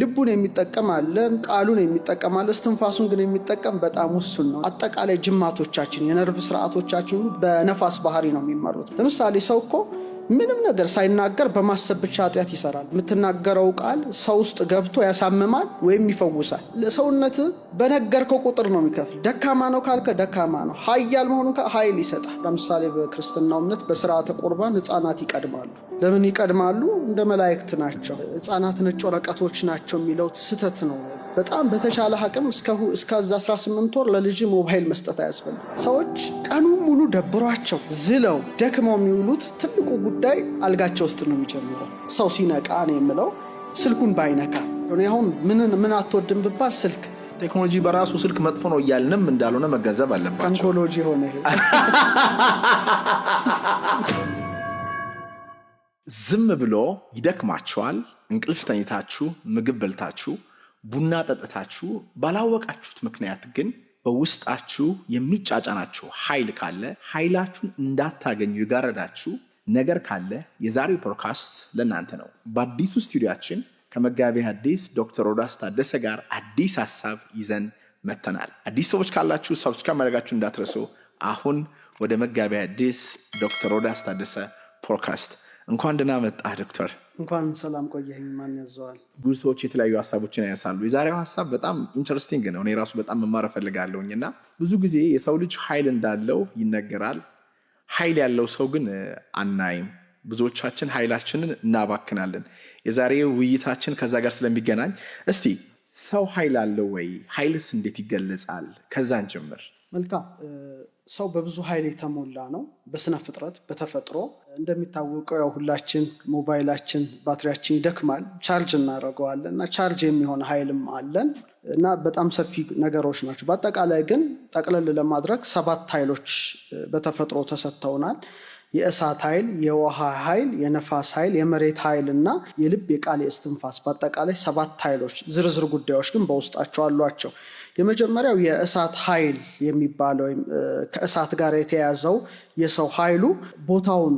ልቡን የሚጠቀም አለ፣ ቃሉን የሚጠቀም አለ። እስትንፋሱን ግን የሚጠቀም በጣም ውሱን ነው። አጠቃላይ ጅማቶቻችን፣ የነርቭ ስርዓቶቻችን በነፋስ ባህሪ ነው የሚመሩት። ለምሳሌ ሰው እኮ ምንም ነገር ሳይናገር በማሰብ ብቻ ኃጢአት ይሰራል። የምትናገረው ቃል ሰው ውስጥ ገብቶ ያሳምማል ወይም ይፈውሳል። ለሰውነት በነገርከው ቁጥር ነው የሚከፍል። ደካማ ነው ካልከ ደካማ ነው፣ ኃያል መሆኑ ኃይል ይሰጣል። ለምሳሌ በክርስትናው እምነት በስርዓተ ቁርባን ህፃናት ይቀድማሉ። ለምን ይቀድማሉ? እንደ መላእክት ናቸው። ህፃናት ነጭ ወረቀቶች ናቸው የሚለው ስህተት ነው። በጣም በተሻለ አቅም እስከዛ 18 ወር ለልጅ ሞባይል መስጠት አያስፈልግ። ሰዎች ቀኑን ሙሉ ደብሯቸው ዝለው ደክመው የሚውሉት ትልቁ ጉዳይ አልጋቸው ውስጥ ነው የሚጀምረው። ሰው ሲነቃ ነው የምለው ስልኩን ባይነካ። አሁን ምን አትወድም ብባል ስልክ ቴክኖሎጂ በራሱ ስልክ መጥፎ ነው እያልንም እንዳልሆነ መገንዘብ አለባቸው። ተንኮሎጂ ሆነ ዝም ብሎ ይደክማቸዋል እንቅልፍ ተኝታችሁ ምግብ በልታችሁ ቡና ጠጥታችሁ ባላወቃችሁት ምክንያት ግን በውስጣችሁ የሚጫጫናችሁ ኃይል ካለ ኃይላችሁን እንዳታገኙ የጋረዳችሁ ነገር ካለ የዛሬው ፖድካስት ለእናንተ ነው። በአዲሱ ስቱዲያችን ከመጋቢ አዲስ ዶክተር ሮዳስ ታደሰ ጋር አዲስ ሀሳብ ይዘን መተናል። አዲስ ሰዎች ካላችሁ ሰብስክራይብ ማድረጋችሁ እንዳትረሱ። አሁን ወደ መጋቢ አዲስ ዶክተር ሮዳስ ታደሰ ፖድካስት እንኳን ደህና መጣ ዶክተር። እንኳን ሰላም ቆየኝ ማን ያዘዋል? ብዙ ሰዎች የተለያዩ ሀሳቦችን ያነሳሉ። የዛሬው ሀሳብ በጣም ኢንተረስቲንግ ነው። እኔ ራሱ በጣም መማር እፈልጋለሁኝ እና ብዙ ጊዜ የሰው ልጅ ኃይል እንዳለው ይነገራል። ኃይል ያለው ሰው ግን አናይም። ብዙዎቻችን ኃይላችንን እናባክናለን። የዛሬ ውይይታችን ከዛ ጋር ስለሚገናኝ እስቲ ሰው ኃይል አለው ወይ? ኃይልስ እንዴት ይገለጻል? ከዛን ጀምር። መልካም ሰው በብዙ ኃይል የተሞላ ነው። በስነ ፍጥረት በተፈጥሮ እንደሚታወቀው ያው ሁላችን ሞባይላችን ባትሪያችን ይደክማል፣ ቻርጅ እናደርገዋለን እና ቻርጅ የሚሆን ኃይልም አለን እና በጣም ሰፊ ነገሮች ናቸው። በአጠቃላይ ግን ጠቅለል ለማድረግ ሰባት ኃይሎች በተፈጥሮ ተሰጥተውናል። የእሳት ኃይል፣ የውሃ ኃይል፣ የነፋስ ኃይል፣ የመሬት ኃይል እና የልብ የቃል የእስትንፋስ በአጠቃላይ ሰባት ኃይሎች ዝርዝር ጉዳዮች ግን በውስጣቸው አሏቸው። የመጀመሪያው የእሳት ኃይል የሚባለው ወይም ከእሳት ጋር የተያያዘው የሰው ኃይሉ ቦታውን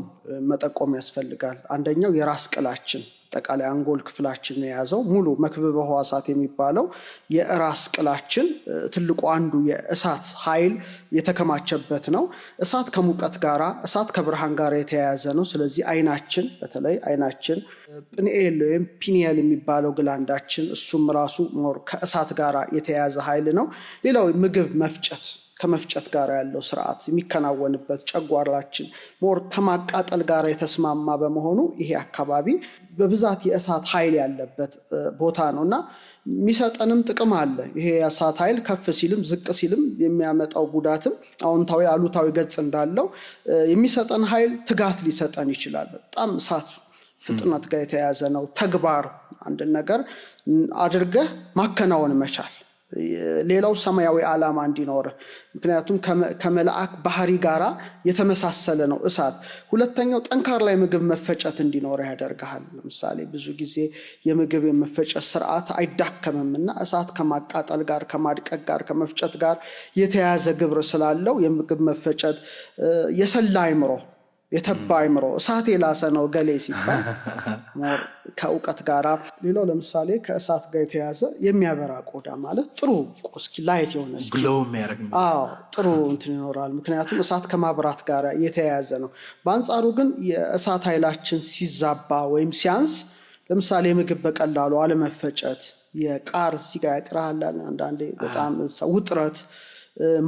መጠቆም ያስፈልጋል። አንደኛው የራስ ቅላችን አጠቃላይ አንጎል ክፍላችን የያዘው ሙሉ መክብበ ሕዋሳት የሚባለው የራስ ቅላችን ትልቁ አንዱ የእሳት ኃይል የተከማቸበት ነው። እሳት ከሙቀት ጋራ፣ እሳት ከብርሃን ጋር የተያያዘ ነው። ስለዚህ አይናችን በተለይ አይናችን ፒኒኤል ወይም ፒኒየል የሚባለው ግላንዳችን እሱም ራሱ ሞር ከእሳት ጋራ የተያያዘ ኃይል ነው። ሌላው ምግብ መፍጨት ከመፍጨት ጋር ያለው ስርዓት የሚከናወንበት ጨጓራችን ሞር ከማቃጠል ጋር የተስማማ በመሆኑ ይሄ አካባቢ በብዛት የእሳት ኃይል ያለበት ቦታ ነው እና የሚሰጠንም ጥቅም አለ። ይሄ የእሳት ኃይል ከፍ ሲልም ዝቅ ሲልም የሚያመጣው ጉዳትም አዎንታዊ አሉታዊ ገጽ እንዳለው የሚሰጠን ኃይል ትጋት ሊሰጠን ይችላል። በጣም እሳት ፍጥነት ጋር የተያያዘ ነው። ተግባር አንድን ነገር አድርገህ ማከናወን መቻል ሌላው ሰማያዊ ዓላማ እንዲኖር ምክንያቱም ከመልአክ ባህሪ ጋራ የተመሳሰለ ነው እሳት። ሁለተኛው ጠንካራ ላይ ምግብ መፈጨት እንዲኖር ያደርግሃል። ለምሳሌ ብዙ ጊዜ የምግብ የመፈጨት ስርዓት አይዳከምም እና እሳት ከማቃጠል ጋር ከማድቀቅ ጋር ከመፍጨት ጋር የተያያዘ ግብር ስላለው የምግብ መፈጨት የሰላ አይምሮ የተባ አይምሮ እሳት የላሰ ነው ገሌ ሲባል ከእውቀት ጋራ ሌላው ለምሳሌ ከእሳት ጋር የተያዘ የሚያበራ ቆዳ ማለት ጥሩ ቁስኪ ላይት የሆነ ጥሩ እንትን ይኖራል። ምክንያቱም እሳት ከማብራት ጋር የተያያዘ ነው። በአንጻሩ ግን የእሳት ኃይላችን ሲዛባ ወይም ሲያንስ፣ ለምሳሌ ምግብ በቀላሉ አለመፈጨት፣ የቃር ሲጋ ያቅራለን አንዳንዴ በጣም ውጥረት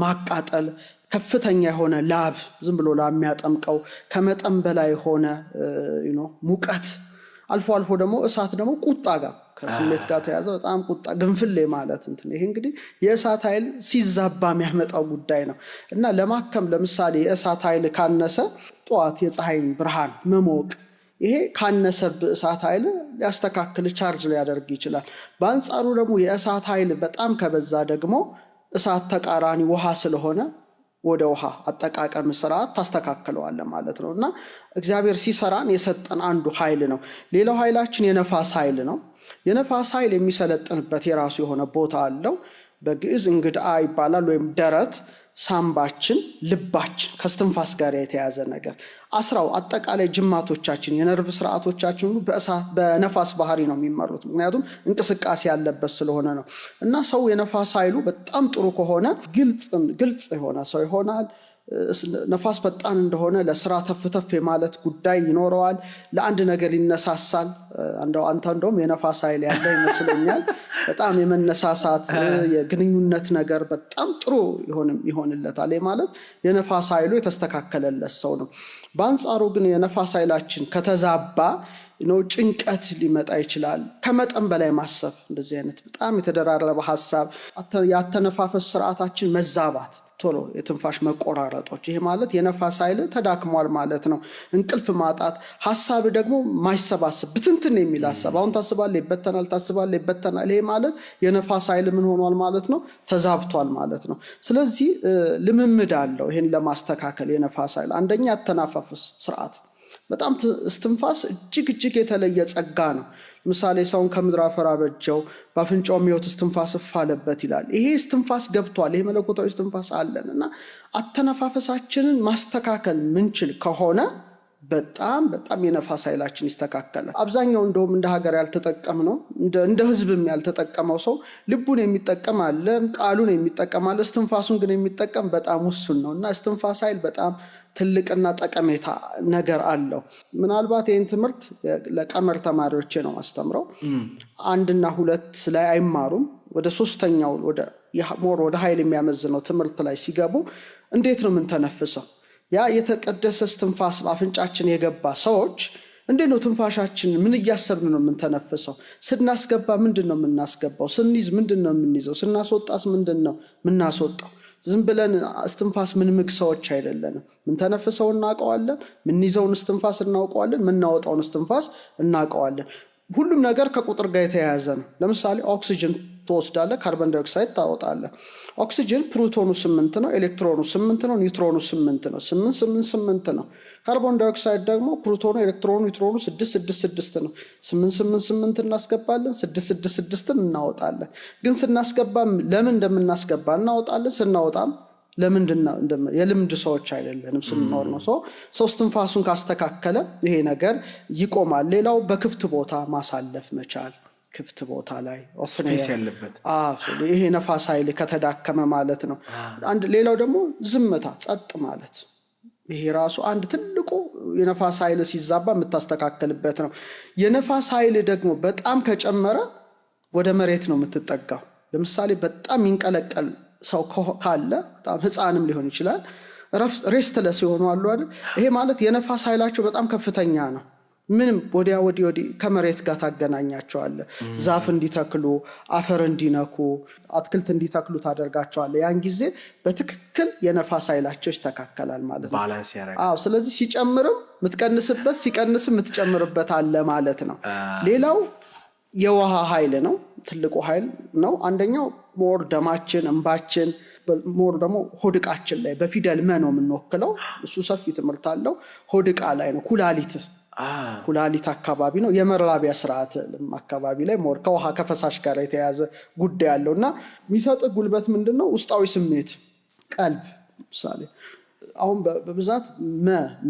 ማቃጠል ከፍተኛ የሆነ ላብ ዝም ብሎ ላብ የሚያጠምቀው ከመጠን በላይ የሆነ ሙቀት፣ አልፎ አልፎ ደግሞ እሳት ደግሞ ቁጣ ጋር ከስሜት ጋር ተያዘ በጣም ቁጣ ግንፍሌ ማለት እንትን ይሄ እንግዲህ የእሳት ኃይል ሲዛባ የሚያመጣው ጉዳይ ነው እና ለማከም ለምሳሌ የእሳት ኃይል ካነሰ ጠዋት የፀሐይን ብርሃን መሞቅ ይሄ ካነሰብ እሳት ኃይል ሊያስተካክል ቻርጅ ሊያደርግ ይችላል። በአንጻሩ ደግሞ የእሳት ኃይል በጣም ከበዛ ደግሞ እሳት ተቃራኒ ውሃ ስለሆነ ወደ ውሃ አጠቃቀም ስርዓት ታስተካክለዋለ ማለት ነው። እና እግዚአብሔር ሲሰራን የሰጠን አንዱ ኃይል ነው። ሌላው ኃይላችን የነፋስ ኃይል ነው። የነፋስ ኃይል የሚሰለጥንበት የራሱ የሆነ ቦታ አለው። በግዕዝ እንግድአ ይባላል ወይም ደረት ሳምባችን፣ ልባችን ከስትንፋስ ጋር የተያዘ ነገር አስራው አጠቃላይ ጅማቶቻችን፣ የነርቭ ስርዓቶቻችን በነፋስ ባህሪ ነው የሚመሩት። ምክንያቱም እንቅስቃሴ ያለበት ስለሆነ ነው። እና ሰው የነፋስ ኃይሉ በጣም ጥሩ ከሆነ ግልጽ የሆነ ሰው ይሆናል። ነፋስ ፈጣን እንደሆነ ለስራ ተፍተፍ የማለት ጉዳይ ይኖረዋል። ለአንድ ነገር ይነሳሳል። እንደው አንተ እንደውም የነፋስ ኃይል ያለ ይመስለኛል። በጣም የመነሳሳት የግንኙነት ነገር በጣም ጥሩ ይሆንለታል። ማለት የነፋስ ኃይሉ የተስተካከለለት ሰው ነው። በአንጻሩ ግን የነፋስ ኃይላችን ከተዛባ ነው ጭንቀት ሊመጣ ይችላል። ከመጠን በላይ ማሰብ፣ እንደዚህ አይነት በጣም የተደራረበ ሀሳብ፣ ያተነፋፈስ ስርዓታችን መዛባት ቶሎ የትንፋሽ መቆራረጦች፣ ይሄ ማለት የነፋስ ኃይል ተዳክሟል ማለት ነው። እንቅልፍ ማጣት፣ ሀሳብ ደግሞ ማይሰባስብ ብትንትን የሚል ሀሳብ አሁን ታስባለ ይበተናል፣ ታስባለ ይበተናል። ይሄ ማለት የነፋስ ኃይል ምን ሆኗል ማለት ነው? ተዛብቷል ማለት ነው። ስለዚህ ልምምድ አለው ይህን ለማስተካከል የነፋስ ኃይል አንደኛ ያተናፋፍስ ስርዓት በጣም እስትንፋስ እጅግ እጅግ የተለየ ጸጋ ነው። ለምሳሌ ሰውን ከምድር አፈር አበጀው በአፍንጫውም ሕይወት እስትንፋስ እፋለበት ይላል። ይሄ እስትንፋስ ገብቷል። ይሄ መለኮታዊ እስትንፋስ አለን እና አተነፋፈሳችንን ማስተካከል ምንችል ከሆነ በጣም በጣም የነፋስ ኃይላችን ይስተካከላል። አብዛኛው እንደውም እንደ ሀገር ያልተጠቀም ነው እንደ ህዝብም ያልተጠቀመው ሰው ልቡን የሚጠቀም አለ፣ ቃሉን የሚጠቀም አለ፣ እስትንፋሱን ግን የሚጠቀም በጣም ውሱን ነው እና እስትንፋስ ኃይል በጣም ትልቅና ጠቀሜታ ነገር አለው። ምናልባት ይህን ትምህርት ለቀመር ተማሪዎቼ ነው አስተምረው አንድና ሁለት ላይ አይማሩም። ወደ ሶስተኛው ሞር ወደ ኃይል የሚያመዝነው ትምህርት ላይ ሲገቡ እንዴት ነው የምንተነፍሰው ያ የተቀደሰ ትንፋስ አፍንጫችን የገባ ሰዎች እንዴት ነው ትንፋሻችን? ምን እያሰብን ነው የምንተነፍሰው? ስናስገባ ምንድን ነው የምናስገባው? ስንይዝ ምንድን ነው የምንይዘው? ስናስወጣስ ምንድን ነው የምናስወጣው? ዝም ብለን እስትንፋስ ምንምግ ሰዎች አይደለንም። ምንተነፍሰው እናውቀዋለን። ምንይዘውን እስትንፋስ እናውቀዋለን። ምናወጣውን እስትንፋስ እናውቀዋለን። ሁሉም ነገር ከቁጥር ጋር የተያያዘ ነው። ለምሳሌ ኦክሲጅን ትወስዳለ፣ ካርበን ዳይኦክሳይድ ታወጣለ። ኦክሲጅን ፕሮቶኑ ስምንት ነው፣ ኤሌክትሮኑ ስምንት ነው፣ ኒውትሮኑ ስምንት ነው። ስምንት ስምንት ስምንት ነው። ካርቦን ዳይኦክሳይድ ደግሞ ፕሮቶኑ፣ ኤሌክትሮኑ፣ ኒውትሮኑ ስድስት ስድስት ስድስት ነው። ስምንት ስምንት ስምንት እናስገባለን፣ ስድስት ስድስት ስድስትን እናወጣለን። ግን ስናስገባ ለምን እንደምናስገባ እናወጣለን፣ ስናወጣም ለምንድን የልምድ ሰዎች አይደለንም። ስንኖር ነው ሰው ሶስት እስትንፋሱን ካስተካከለ ይሄ ነገር ይቆማል። ሌላው በክፍት ቦታ ማሳለፍ መቻል ክፍት ቦታ ላይ ይሄ ነፋስ ኃይል ከተዳከመ ማለት ነው። አንድ ሌላው ደግሞ ዝምታ፣ ጸጥ ማለት ይሄ ራሱ አንድ ትልቁ የነፋስ ኃይል ሲዛባ የምታስተካከልበት ነው። የነፋስ ኃይል ደግሞ በጣም ከጨመረ ወደ መሬት ነው የምትጠጋው። ለምሳሌ በጣም ይንቀለቀል ሰው ካለ በጣም ህፃንም ሊሆን ይችላል። ሬስትለስ የሆኑ አሉ አይደል? ይሄ ማለት የነፋስ ኃይላቸው በጣም ከፍተኛ ነው። ምንም ወዲያ ወዲ ወዲ ከመሬት ጋር ታገናኛቸዋለ ዛፍ እንዲተክሉ፣ አፈር እንዲነኩ፣ አትክልት እንዲተክሉ ታደርጋቸዋለ ያን ጊዜ በትክክል የነፋስ ኃይላቸው ይስተካከላል ማለት ነው። ስለዚህ ሲጨምርም የምትቀንስበት፣ ሲቀንስ የምትጨምርበት አለ ማለት ነው። ሌላው የውሃ ኃይል ነው። ትልቁ ኃይል ነው። አንደኛው ሞር ደማችን፣ እንባችን ሞር ደግሞ ሆድቃችን ላይ በፊደል መ ነው የምንወክለው። እሱ ሰፊ ትምህርት አለው። ሆድቃ ላይ ነው ኩላሊት ኩላሊት ah. አካባቢ ነው። የመራቢያ ስርዓት አካባቢ ላይ ሞር ከውሃ ከፈሳሽ ጋር የተያዘ ጉዳይ ያለው እና የሚሰጥ ጉልበት ምንድን ነው? ውስጣዊ ስሜት ቀልብ ምሳሌ አሁን በብዛት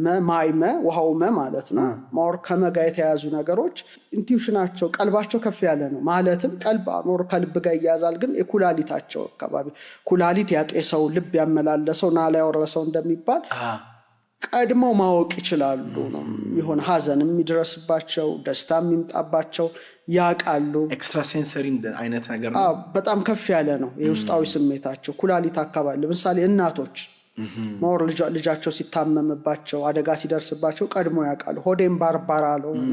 መ ማይ መ ውሃው መ ማለት ነው። ማወር ከመጋ የተያዙ ነገሮች ኢንቲዩሽናቸው ቀልባቸው ከፍ ያለ ነው። ማለትም ቀልብ ኖር ከልብ ጋር እያያዛል፣ ግን የኩላሊታቸው አካባቢ ኩላሊት ያጤሰው ልብ ያመላለሰው ናላ ያወረሰው እንደሚባል ቀድመው ማወቅ ይችላሉ ነው የሆነ ሀዘን የሚደረስባቸው ደስታ የሚምጣባቸው ያቃሉ። ኤክስትራ ሴንሰሪ አይነት ነገር በጣም ከፍ ያለ ነው የውስጣዊ ስሜታቸው ኩላሊት አካባቢ ለምሳሌ እናቶች ሞር ልጃቸው ሲታመምባቸው አደጋ ሲደርስባቸው ቀድሞ ያውቃሉ። ሆዴም ባርባራ ለሆነ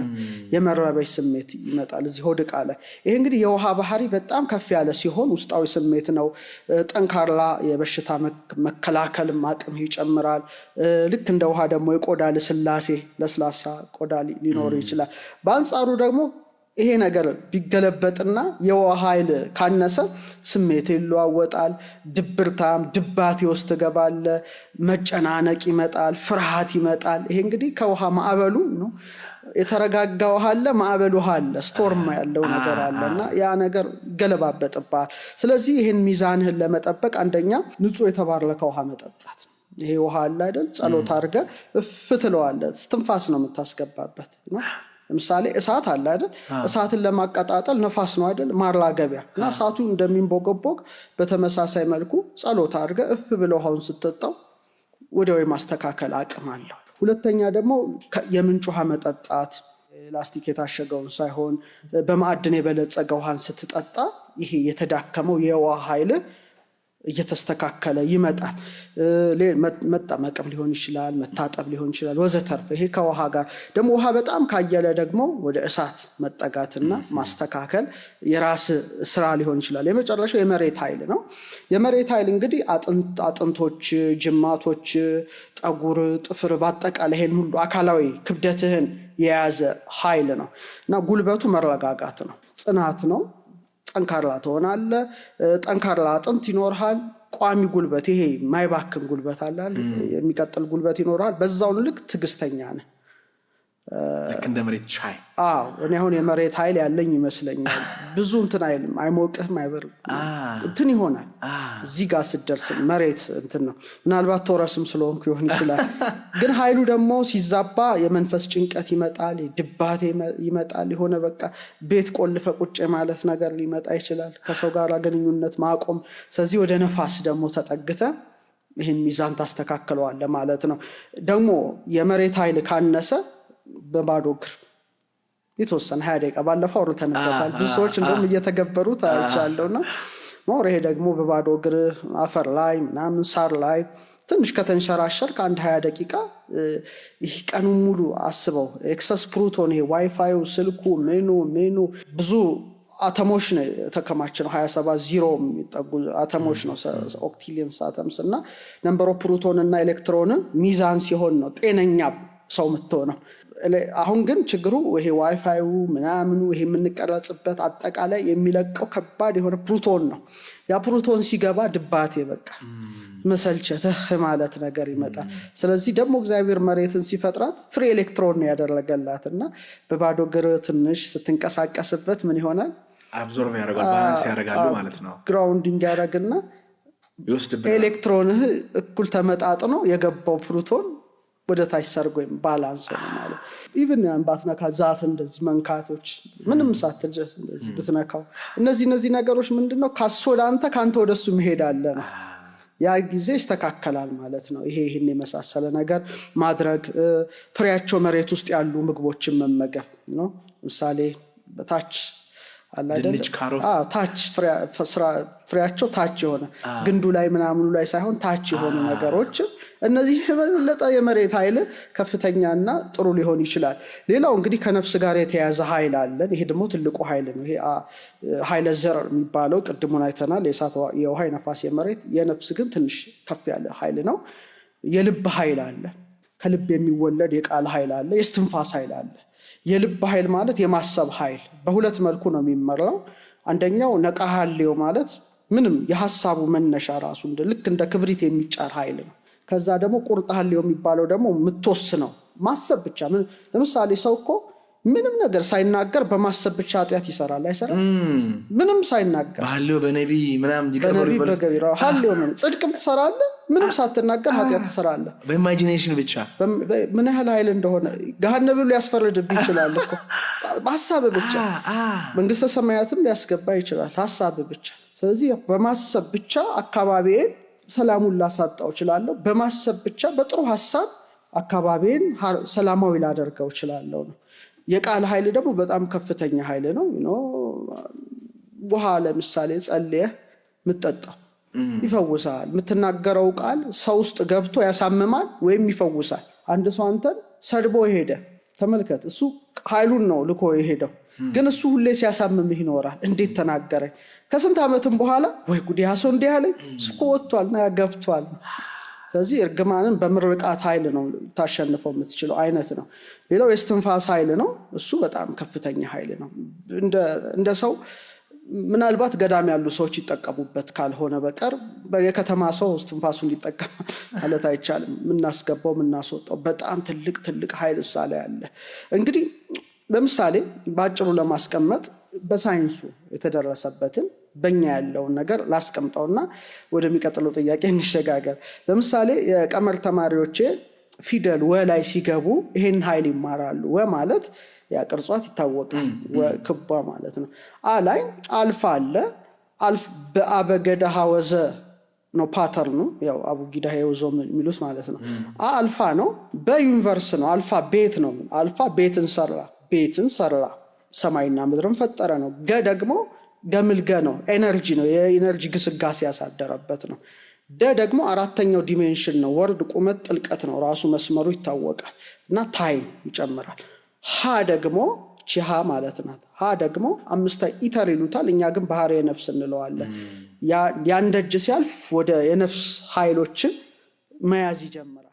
የመረበሽ ስሜት ይመጣል እዚህ ሆድ ቃለ ይሄ እንግዲህ የውሃ ባህሪ በጣም ከፍ ያለ ሲሆን ውስጣዊ ስሜት ነው። ጠንካራ የበሽታ መከላከል አቅም ይጨምራል። ልክ እንደ ውሃ ደግሞ የቆዳ ልስላሴ ለስላሳ ቆዳ ሊኖሩ ይችላል። በአንጻሩ ደግሞ ይሄ ነገር ቢገለበጥና የውሃ ኃይል ካነሰ ስሜት ይለዋወጣል። ድብርታም ድባቴ ውስጥ ገባለ፣ መጨናነቅ ይመጣል፣ ፍርሃት ይመጣል። ይሄ እንግዲህ ከውሃ ማዕበሉ ነው። የተረጋጋ ውሃ አለ፣ ማዕበል ውሃ አለ፣ ስቶርም ያለው ነገር አለ እና ያ ነገር ገለባበጥባል። ስለዚህ ይህን ሚዛንህን ለመጠበቅ አንደኛ ንጹህ የተባረከ ውሃ መጠጣት ይሄ ውሃ አለ አይደል? ጸሎት አድርገ እፍ ትለዋለህ። ትንፋስ ነው የምታስገባበት ለምሳሌ እሳት አለ አይደል? እሳትን ለማቀጣጠል ነፋስ ነው አይደል? ማራገቢያ እና እሳቱ እንደሚንቦገቦግ በተመሳሳይ መልኩ ጸሎት አድርገ እፍ ብለ ውሃውን ስትጠጣው ወዲያው የማስተካከል አቅም አለው። ሁለተኛ ደግሞ የምንጭ ውሃ መጠጣት ላስቲክ የታሸገውን ሳይሆን በማዕድን የበለጸገ ውሃን ስትጠጣ ይሄ የተዳከመው የውሃ ኃይል እየተስተካከለ ይመጣል። መጠመቅም ሊሆን ይችላል፣ መታጠብ ሊሆን ይችላል ወዘተርፈ። ይሄ ከውሃ ጋር ደግሞ ውሃ በጣም ካየለ ደግሞ ወደ እሳት መጠጋትና ማስተካከል የራስ ስራ ሊሆን ይችላል። የመጨረሻው የመሬት ኃይል ነው። የመሬት ኃይል እንግዲህ አጥንቶች፣ ጅማቶች፣ ጠጉር፣ ጥፍር ባጠቃላይ ይሄን ሁሉ አካላዊ ክብደትህን የያዘ ኃይል ነው እና ጉልበቱ መረጋጋት ነው፣ ጽናት ነው ጠንካራ ትሆናለ ጠንካራ አጥንት ይኖርሃል። ቋሚ ጉልበት ይሄ ማይባክን ጉልበት አላል የሚቀጥል ጉልበት ይኖርሃል። በዛውን ልክ ትግስተኛ ነህ። እንደ መሬት ሻይ። እኔ አሁን የመሬት ኃይል ያለኝ ይመስለኛል። ብዙ እንትን አይልም፣ አይሞቅህም፣ አይበር እንትን ይሆናል። እዚህ ጋር ስደርስ መሬት እንትን ነው። ምናልባት ተረስም ስለሆን ይሆን ይችላል። ግን ሀይሉ ደግሞ ሲዛባ የመንፈስ ጭንቀት ይመጣል፣ ድባቴ ይመጣል። የሆነ በቃ ቤት ቆልፈ ቁጭ ማለት ነገር ሊመጣ ይችላል፣ ከሰው ጋር ግንኙነት ማቆም። ስለዚህ ወደ ነፋስ ደግሞ ተጠግተ ይህን ሚዛን ታስተካክለዋለ ማለት ነው። ደግሞ የመሬት ኃይል ካነሰ በባዶ እግር የተወሰነ ሀያ ደቂቃ ባለፈው አውርተንበታል። ብዙ ሰዎች እንደም እየተገበሩ ታያቻለው እና ሞር ይሄ ደግሞ በባዶ እግር አፈር ላይ ምናምን ሳር ላይ ትንሽ ከተንሸራሸር ከአንድ ሀያ ደቂቃ ይህ ቀኑ ሙሉ አስበው ኤክሰስ ፕሩቶን ይሄ ዋይፋዩ ስልኩ ሜኑ ሜኑ ብዙ አተሞች ነው የተከማች ነው ሀያ ሰባት ዚሮ የሚጠጉ አተሞች ነው ኦክቲሊየንስ አተምስ እና ነምበሮ ፕሩቶን እና ኤሌክትሮን ሚዛን ሲሆን ነው ጤነኛ ሰው ምትሆነው አሁን ግን ችግሩ ይሄ ዋይፋዩ ምናምኑ ይሄ የምንቀረጽበት አጠቃላይ የሚለቀው ከባድ የሆነ ፕሩቶን ነው። ያ ፕሩቶን ሲገባ ድባቴ በቃ መሰልቸትህ ማለት ነገር ይመጣል። ስለዚህ ደግሞ እግዚአብሔር መሬትን ሲፈጥራት ፍሪ ኤሌክትሮን ያደረገላት እና በባዶ እግር ትንሽ ስትንቀሳቀስበት ምን ይሆናል አብዞርብ ያደርጋል ባላንስ ማለት ነው። ግራውንድ ኤሌክትሮንህ እኩል የገባው ፕሩቶን ወደ ታች ሰርጎ ወይም ባላንስ ሆነ ማለት ኢቭን ባትነካ ዛፍ እንደዚህ መንካቶች ምንም ሳትድረስ እንደዚህ ብትነካው እነዚህ እነዚህ ነገሮች ምንድነው ነው ካሱ ወደ አንተ ከአንተ ወደ እሱ መሄዳለ ነው። ያ ጊዜ ይስተካከላል ማለት ነው። ይሄ ይህን የመሳሰለ ነገር ማድረግ ፍሬያቸው መሬት ውስጥ ያሉ ምግቦችን መመገብ ነው። ምሳሌ በታች ታች ፍሬያቸው ታች የሆነ ግንዱ ላይ ምናምኑ ላይ ሳይሆን ታች የሆኑ ነገሮችን እነዚህ የበለጠ የመሬት ኃይል ከፍተኛና ጥሩ ሊሆን ይችላል። ሌላው እንግዲህ ከነፍስ ጋር የተያዘ ኃይል አለን። ይሄ ደግሞ ትልቁ ኃይል ነው። ይሄ ኃይለ ዘር የሚባለው ቅድሙን አይተናል። የእሳት የውሃ፣ የነፋስ፣ የመሬት የነፍስ ግን ትንሽ ከፍ ያለ ኃይል ነው። የልብ ኃይል አለ። ከልብ የሚወለድ የቃል ኃይል አለ። የስትንፋስ ኃይል አለ። የልብ ኃይል ማለት የማሰብ ኃይል በሁለት መልኩ ነው የሚመራው። አንደኛው ነቃሃሌው ማለት ምንም የሀሳቡ መነሻ ራሱ ልክ እንደ ክብሪት የሚጫር ኃይል ነው። ከዛ ደግሞ ቁርጥ የሚባለው ደግሞ የምትወስነው ማሰብ ብቻ። ለምሳሌ ሰው እኮ ምንም ነገር ሳይናገር በማሰብ ብቻ ኃጢአት ይሰራል አይሰራም? ምንም ሳይናገር በነቢይ ሀሌው ጽድቅም ትሰራለህ፣ ምንም ሳትናገር ኃጢአት ትሰራለህ። በኢማጂኔሽን ብቻ ምን ያህል ኃይል እንደሆነ ገሃነብም ሊያስፈርድብህ ይችላል እኮ ሀሳብ ብቻ። መንግስተ ሰማያትም ሊያስገባ ይችላል ሀሳብ ብቻ። ስለዚህ በማሰብ ብቻ አካባቢዬን ሰላሙን ላሳጣው እችላለሁ። በማሰብ ብቻ በጥሩ ሀሳብ አካባቢን ሰላማዊ ላደርገው እችላለሁ ነው። የቃል ኃይል ደግሞ በጣም ከፍተኛ ኃይል ነው። ውሃ ለምሳሌ ጸልየህ የምትጠጣው ይፈውሳል። የምትናገረው ቃል ሰው ውስጥ ገብቶ ያሳምማል ወይም ይፈውሳል። አንድ ሰው አንተን ሰድቦ ሄደ ተመልከት። እሱ ኃይሉን ነው ልኮ የሄደው፣ ግን እሱ ሁሌ ሲያሳምምህ ይኖራል። እንዴት ተናገረኝ? ከስንት ዓመትም በኋላ ወይ ጉዲ ያ ሰው እንዲህ ያለኝ እስኮ ወጥቷል ና ገብቷል። ስለዚህ እርግማንን በምርቃት ኃይል ነው ታሸንፈው የምትችለው አይነት ነው። ሌላው የስትንፋስ ኃይል ነው። እሱ በጣም ከፍተኛ ኃይል ነው እንደ ሰው ምናልባት ገዳም ያሉ ሰዎች ይጠቀሙበት ካልሆነ በቀር የከተማ ሰው ስትንፋሱ እንዲጠቀም ማለት አይቻልም። የምናስገባው የምናስወጣው በጣም ትልቅ ትልቅ ኃይል እሳ ላይ አለ እንግዲህ ለምሳሌ በአጭሩ ለማስቀመጥ በሳይንሱ የተደረሰበትን በኛ ያለውን ነገር ላስቀምጠውና ወደሚቀጥለው ጥያቄ እንሸጋገር። ለምሳሌ የቀመር ተማሪዎቼ ፊደል ወ ላይ ሲገቡ ይሄን ኃይል ይማራሉ። ወ ማለት ያቅርጿት ይታወቃል፣ ክቧ ማለት ነው። አላይ አልፋ አለ። አልፍ በአበገዳ ሀወዘ ነው ፓተርኑ፣ ያው አቡጊዳ የውዞ የሚሉት ማለት ነው። አልፋ ነው፣ በዩኒቨርስ ነው። አልፋ ቤት ነው። አልፋ ቤትን ሰራ፣ ቤትን ሰራ፣ ሰማይና ምድርን ፈጠረ ነው። ገ ደግሞ ገምልገ ነው፣ ኤነርጂ ነው፣ የኤነርጂ ግስጋሴ ያሳደረበት ነው። ደ ደግሞ አራተኛው ዲሜንሽን ነው፣ ወርድ ቁመት ጥልቀት ነው። ራሱ መስመሩ ይታወቃል እና ታይም ይጨምራል። ሀ ደግሞ ቺሃ ማለት ናት። ሀ ደግሞ አምስተ ኢተር ይሉታል። እኛ ግን ባህር የነፍስ እንለዋለን። ያንደጅ ሲያልፍ ወደ የነፍስ ኃይሎችን መያዝ ይጀምራል።